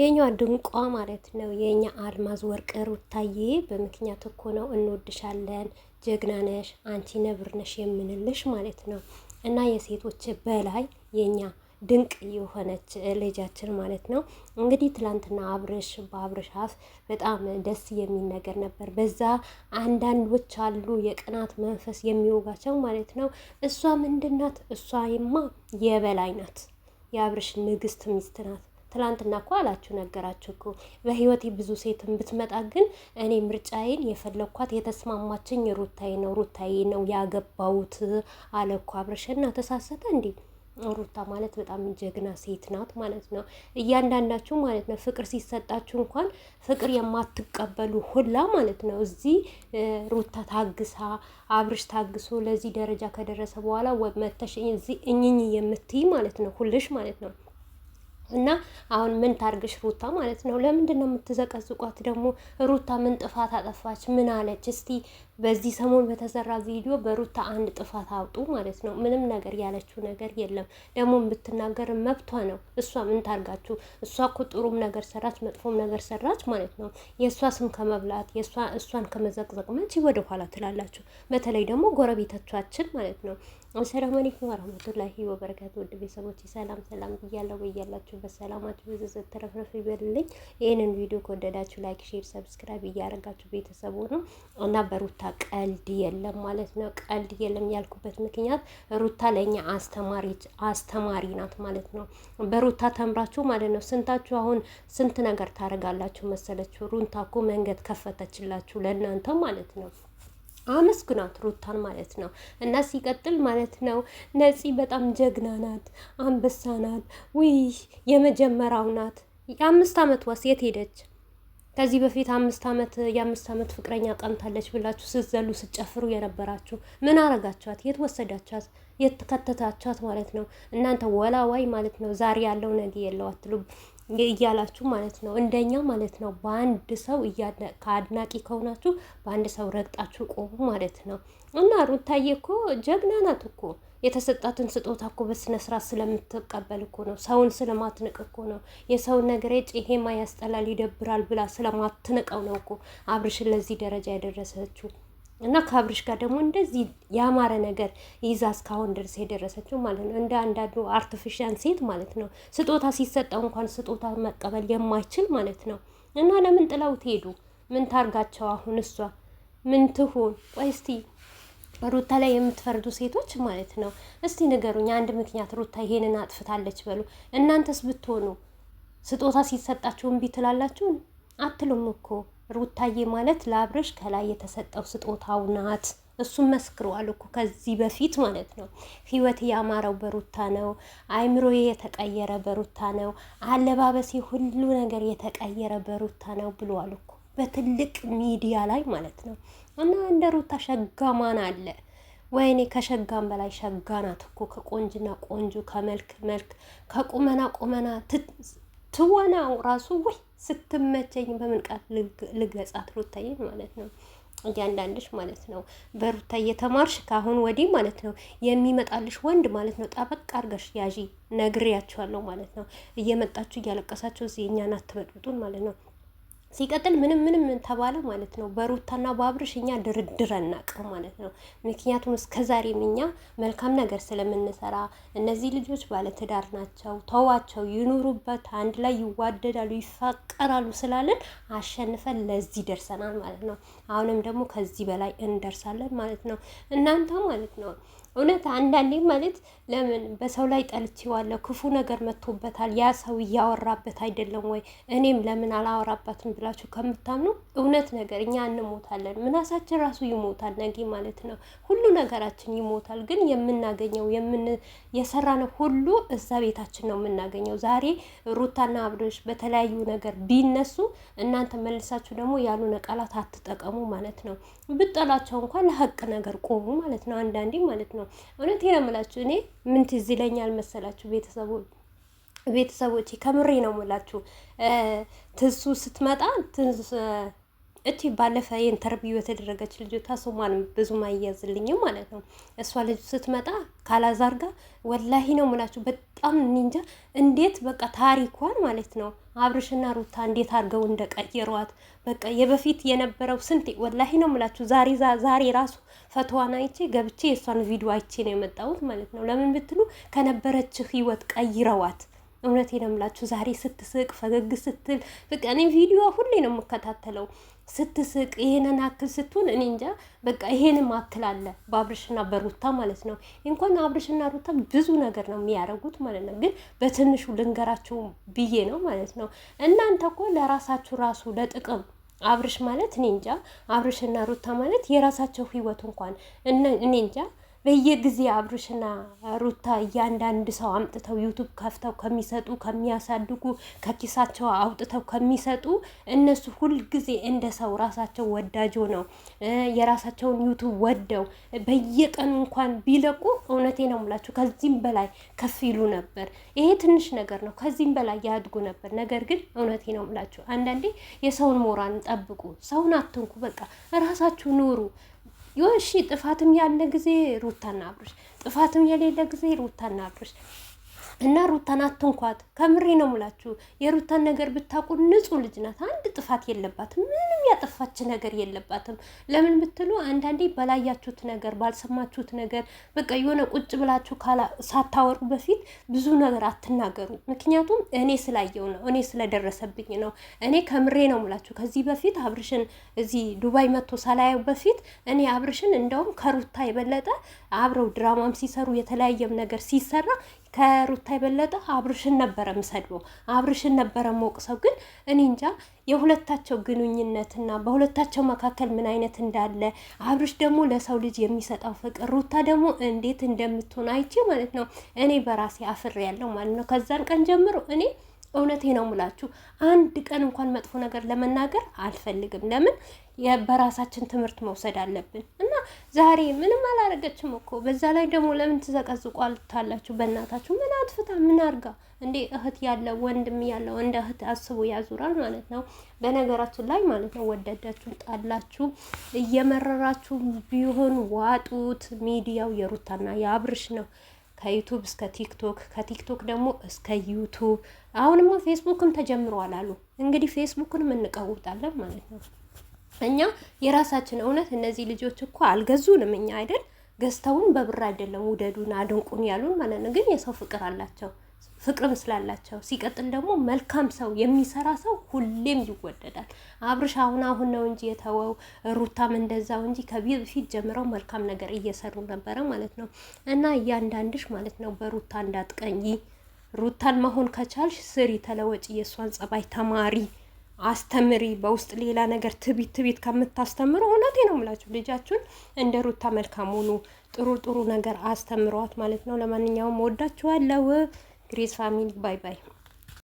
የእኛ ድንቋ ማለት ነው። የእኛ አልማዝ ወርቅ ሩታዬ በምክንያት እኮ ነው እንወድሻለን፣ ጀግና ነሽ፣ አንቺ ነብር ነሽ የምንልሽ ማለት ነው። እና የሴቶች በላይ የእኛ ድንቅ የሆነች ልጃችን ማለት ነው። እንግዲህ ትላንትና አብርሽ በአብርሽ አፍ በጣም ደስ የሚል ነገር ነበር። በዛ አንዳንዶች አሉ የቅናት መንፈስ የሚወጋቸው ማለት ነው። እሷ ምንድናት? እሷ ይማ የበላይ ናት። የአብርሽ ንግስት ሚስት ናት። ትላንትና እኮ አላችሁ ነገራችሁ እኮ በህይወቴ ብዙ ሴትን ብትመጣ ግን እኔ ምርጫዬን የፈለኳት የተስማማችኝ ሩታዬ ነው ሩታዬ ነው ያገባውት አለ እኮ አብረሸና ተሳሰተ እንዴ? ሩታ ማለት በጣም ጀግና ሴት ናት ማለት ነው። እያንዳንዳችሁ ማለት ነው ፍቅር ሲሰጣችሁ እንኳን ፍቅር የማትቀበሉ ሁላ ማለት ነው። እዚህ ሩታ ታግሳ አብርሽ ታግሶ ለዚህ ደረጃ ከደረሰ በኋላ መተሽ እዚህ እኝኝ የምትይ ማለት ነው ሁልሽ ማለት ነው እና አሁን ምን ታርግሽ ሩታ ማለት ነው። ለምንድን ነው የምትዘቀዝቋት ደግሞ? ሩታ ምን ጥፋት አጠፋች? ምን አለች? እስቲ በዚህ ሰሞን በተሰራ ቪዲዮ በሩታ አንድ ጥፋት አውጡ ማለት ነው። ምንም ነገር ያለችው ነገር የለም። ደግሞ የምትናገር መብቷ ነው። እሷ ምን ታርጋችሁ? እሷ እኮ ጥሩም ነገር ሰራች፣ መጥፎም ነገር ሰራች ማለት ነው። የእሷ ስም ከመብላት የእሷ እሷን ከመዘቅዘቅ መቼ ወደኋላ ትላላችሁ? በተለይ ደግሞ ጎረቤቶቻችን ማለት ነው። አሰላሙ አለይኩም ወራህመቱላሂ ወበረካቱ። ውድ ቤተሰቦች ሰላም ሰላም ብያለሁ። በያላችሁ በሰላማችሁ ብዝዝት ተረፍረፍ ይበልልኝ። ይህንን ቪዲዮ ከወደዳችሁ ላይክ፣ ሼር፣ ሰብስክራይብ እያደረጋችሁ ቤተሰቡ ነው እና በሩታ ቀልድ የለም ማለት ነው። ቀልድ የለም ያልኩበት ምክንያት ሩታ ለእኛ አስተማሪ አስተማሪ ናት ማለት ነው። በሩታ ተምራችሁ ማለት ነው። ስንታችሁ አሁን ስንት ነገር ታደርጋላችሁ መሰለችሁ። ሩታ እኮ መንገድ ከፈተችላችሁ ለእናንተ ማለት ነው። አመስግናት ሩታን ማለት ነው። እና ሲቀጥል ማለት ነው ነፂ በጣም ጀግና ናት፣ አንበሳ ናት፣ ውይ የመጀመሪያው ናት። የአምስት ዓመት ዋስ የት ሄደች? ከዚህ በፊት አምስት ዓመት የአምስት ዓመት ፍቅረኛ ቀምታለች ብላችሁ ስትዘሉ ስትጨፍሩ የነበራችሁ ምን አረጋችኋት? የት ወሰዳችኋት? የት ከተታችኋት ማለት ነው። እናንተ ወላዋይ ማለት ነው። ዛሬ ያለው ነገ የለው አትሉም። እያላችሁ ማለት ነው እንደኛ ማለት ነው በአንድ ሰው ከአድናቂ ከሆናችሁ በአንድ ሰው ረግጣችሁ ቆሙ ማለት ነው። እና ሩታዬ እኮ ጀግና ናት እኮ የተሰጣትን ስጦታ እኮ በስነ ስርዓት ስለምትቀበል እኮ ነው። ሰውን ስለማትንቅ እኮ ነው። የሰውን ነገር የጭሄ ይሄማ ያስጠላል፣ ይደብራል ብላ ስለማትንቀው ነው እኮ አብርሽን ለዚህ ደረጃ ያደረሰችው። እና ከአብርሽ ጋር ደግሞ እንደዚህ ያማረ ነገር ይዛ እስካሁን ድረስ የደረሰችው ማለት ነው። እንደ አንዳንዱ አርቲፊሻል ሴት ማለት ነው። ስጦታ ሲሰጠው እንኳን ስጦታ መቀበል የማይችል ማለት ነው። እና ለምን ጥለውት ሄዱ? ምን ታርጋቸው? አሁን እሷ ምን ትሁን? ቆይ እስቲ ሩታ ላይ የምትፈርዱ ሴቶች ማለት ነው፣ እስቲ ንገሩኝ አንድ ምክንያት። ሩታ ይሄንን አጥፍታለች በሉ። እናንተስ ብትሆኑ ስጦታ ሲሰጣችሁ እምቢ ትላላችሁ? አትሉም እኮ ሩታዬ ማለት ለአብርሽ ከላይ የተሰጠው ስጦታው ናት። እሱም መስክሯል እኮ ከዚህ በፊት ማለት ነው። ህይወት ያማረው በሩታ ነው። አይምሮዬ የተቀየረ በሩታ ነው። አለባበሴ፣ ሁሉ ነገር የተቀየረ በሩታ ነው ብሏል እኮ በትልቅ ሚዲያ ላይ ማለት ነው። እና እንደ ሩታ ሸጋ ማን አለ? ወይኔ ከሸጋም በላይ ሸጋ ናት እኮ ከቆንጅና ቆንጆ፣ ከመልክ መልክ፣ ከቁመና ቁመና ትወናው ራሱ ወይ ስትመቸኝ በምን ቃል ልገጻት ሩታዬን ማለት ነው። እያንዳንድሽ ማለት ነው በሩታ እየተማርሽ ከአሁን ወዲህ ማለት ነው የሚመጣልሽ ወንድ ማለት ነው ጠበቅ አድርገሽ ያዢ ነግሬያቸዋለሁ ማለት ነው። እየመጣችሁ እያለቀሳችሁ እዚህ እኛን አትበጥብጡን ማለት ነው። ሲቀጥል ምንም ምንም ተባለ ማለት ነው በሩታና በአብርሽ እኛ ድርድር አናውቅም ማለት ነው። ምክንያቱም ዛሬም እኛ መልካም ነገር ስለምንሰራ እነዚህ ልጆች ባለትዳር ናቸው፣ ተዋቸው፣ ይኑሩበት፣ አንድ ላይ ይዋደዳሉ፣ ይፋቀራሉ ስላለን አሸንፈን ለዚህ ደርሰናል ማለት ነው። አሁንም ደግሞ ከዚህ በላይ እንደርሳለን ማለት ነው። እናንተ ማለት ነው እውነት አንዳንዴ ማለት ለምን በሰው ላይ ጠልቼዋለሁ፣ ክፉ ነገር መጥቶበታል፣ ያ ሰው እያወራበት አይደለም ወይ እኔም ለምን አላወራበትም ብላችሁ ከምታምኑ እውነት ነገር እኛ እንሞታለን፣ ምናሳችን ራሱ ይሞታል፣ ነገ ማለት ነው። ሁሉ ነገራችን ይሞታል። ግን የምናገኘው የሰራነው ሁሉ እዛ ቤታችን ነው የምናገኘው። ዛሬ ሩታና አብርሽ በተለያዩ ነገር ቢነሱ እናንተ መልሳችሁ ደግሞ ያልሆነ ቃላት አትጠቀሙ ማለት ነው። ብጠላቸው እንኳን ለሀቅ ነገር ቆሙ ማለት ነው። አንዳንዴ ማለት ነው። እውነት የምላችሁ እኔ ምን ትዝ ይለኛል መሰላችሁ ቤተሰቡ ቤተሰቦቼ ከምሬ ነው ሞላችሁ። ትንሱ ስትመጣ እቺ ባለፈ ኢንተርቪው የተደረገች ልጆታ ስሟን ብዙም አያዝልኝም ማለት ነው። እሷ ልጅ ስትመጣ ካላዛር ጋ ወላሂ ነው ሞላችሁ። በጣም እንጃ እንዴት በቃ ታሪኳን ማለት ነው አብርሽና ሩታ እንዴት አድርገው እንደቀየሯት በቃ የበፊት የነበረው ስንቴ ወላሂ ነው ምላችሁ። ዛሬ ዛሬ ራሱ ፈተዋን አይቼ ገብቼ የእሷን ቪዲዮ አይቼ ነው የመጣሁት ማለት ነው። ለምን ብትሉ ከነበረችህ ህይወት ቀይረዋት ነው የምላችሁ ዛሬ ስትስቅ ፈገግ ስትል በቃ እኔ ቪዲዮ ሁሌ ነው የምከታተለው። ስትስቅ ይሄንን አክል ስትሆን እኔ እንጃ በቃ ይሄንም አክል አለ በአብርሽና በሩታ ማለት ነው። እንኳን አብርሽና ሩታ ብዙ ነገር ነው የሚያደርጉት ማለት ነው። ግን በትንሹ ልንገራችሁ ብዬ ነው ማለት ነው። እናንተ እኮ ለራሳችሁ ራሱ ለጥቅም አብርሽ ማለት እኔ እንጃ አብርሽና ሩታ ማለት የራሳቸው ህይወት እንኳን እኔ እንጃ በየጊዜ አብርሽና ሩታ እያንዳንድ ሰው አምጥተው ዩቱብ ከፍተው ከሚሰጡ ከሚያሳድጉ ከኪሳቸው አውጥተው ከሚሰጡ እነሱ ሁልጊዜ እንደ ሰው ራሳቸው ወዳጆ ነው የራሳቸውን ዩቱብ ወደው በየቀኑ እንኳን ቢለቁ እውነቴ ነው ሙላችሁ ከዚህም በላይ ከፍ ይሉ ነበር። ይሄ ትንሽ ነገር ነው። ከዚህም በላይ ያድጉ ነበር። ነገር ግን እውነቴ ነው ሙላችሁ አንዳንዴ የሰውን ሞራን ጠብቁ፣ ሰውን አትንኩ። በቃ ራሳችሁ ኑሩ። ይሆን እሺ ጥፋትም ያለ ጊዜ ሩታና አብርሽ፣ ጥፋትም የሌለ ጊዜ ሩታና አብርሽ እና ሩታን አትንኳት። ከምሬ ነው ሙላችሁ። የሩታን ነገር ብታውቁ ንጹህ ልጅ ናት። አንድ ጥፋት የለባትም። ምንም ያጠፋች ነገር የለባትም። ለምን ብትሉ አንዳንዴ በላያችሁት ነገር፣ ባልሰማችሁት ነገር በቃ የሆነ ቁጭ ብላችሁ ሳታወርቁ በፊት ብዙ ነገር አትናገሩ። ምክንያቱም እኔ ስላየው ነው፣ እኔ ስለደረሰብኝ ነው። እኔ ከምሬ ነው ሙላችሁ። ከዚህ በፊት አብርሽን እዚህ ዱባይ መጥቶ ሳላየው በፊት እኔ አብርሽን እንደውም ከሩታ የበለጠ አብረው ድራማም ሲሰሩ የተለያየም ነገር ሲሰራ ከሩታ የበለጠ አብርሽን ነበረ ምሰድበው፣ አብርሽን ነበረ መወቅሰው። ግን እኔ እንጃ የሁለታቸው ግንኙነትና በሁለታቸው መካከል ምን አይነት እንዳለ አብርሽ ደግሞ ለሰው ልጅ የሚሰጠው ፍቅር፣ ሩታ ደግሞ እንዴት እንደምትሆን አይቼ ማለት ነው እኔ በራሴ አፍሬ ያለው ማለት ነው። ከዛን ቀን ጀምሮ እኔ እውነቴ ነው ምላችሁ አንድ ቀን እንኳን መጥፎ ነገር ለመናገር አልፈልግም። ለምን በራሳችን ትምህርት መውሰድ አለብን እና ዛሬ ምንም አላረገችም እኮ። በዛ ላይ ደግሞ ለምን ትዘቀዝቋልታላችሁ? በእናታችሁ ምን አትፍታ ምን አርጋ እንዴ? እህት ያለ ወንድም ያለው እንደ እህት አስቡ ያዙራል ማለት ነው። በነገራችን ላይ ማለት ነው ወደዳችሁ ጣላችሁ፣ እየመረራችሁ ቢሆን ዋጡት። ሚዲያው የሩታና የአብርሽ ነው። ከዩቱብ እስከ ቲክቶክ ከቲክቶክ ደግሞ እስከ ዩቱብ አሁንማ ፌስቡክም ተጀምረዋል አሉ። እንግዲህ ፌስቡክንም እንቀውጣለን ማለት ነው። እኛ የራሳችን እውነት እነዚህ ልጆች እኮ አልገዙንም እኛ አይደል ገዝተውን በብር አይደለም ውደዱን አድንቁን ያሉን ማለት ነው። ግን የሰው ፍቅር አላቸው። ፍቅርም ስላላቸው ሲቀጥል ደግሞ መልካም ሰው የሚሰራ ሰው ሁሌም ይወደዳል። አብርሽ አሁን አሁን ነው እንጂ የተወው ሩታም እንደዛው እንጂ ከዚህ ጀምረው መልካም ነገር እየሰሩ ነበረ ማለት ነው። እና እያንዳንድሽ ማለት ነው በሩታ እንዳትቀኝ። ሩታን መሆን ከቻልሽ ስሪ፣ ተለወጭ፣ የእሷን ጸባይ ተማሪ አስተምሪ በውስጥ ሌላ ነገር ትቢት ትቢት ከምታስተምሩ፣ እውነቴ ነው የምላችሁ ልጃችሁን እንደ ሩታ መልካም ሆኑ፣ ጥሩ ጥሩ ነገር አስተምሯት ማለት ነው። ለማንኛውም ወዳችኋለሁ። Grace family. Bye-bye.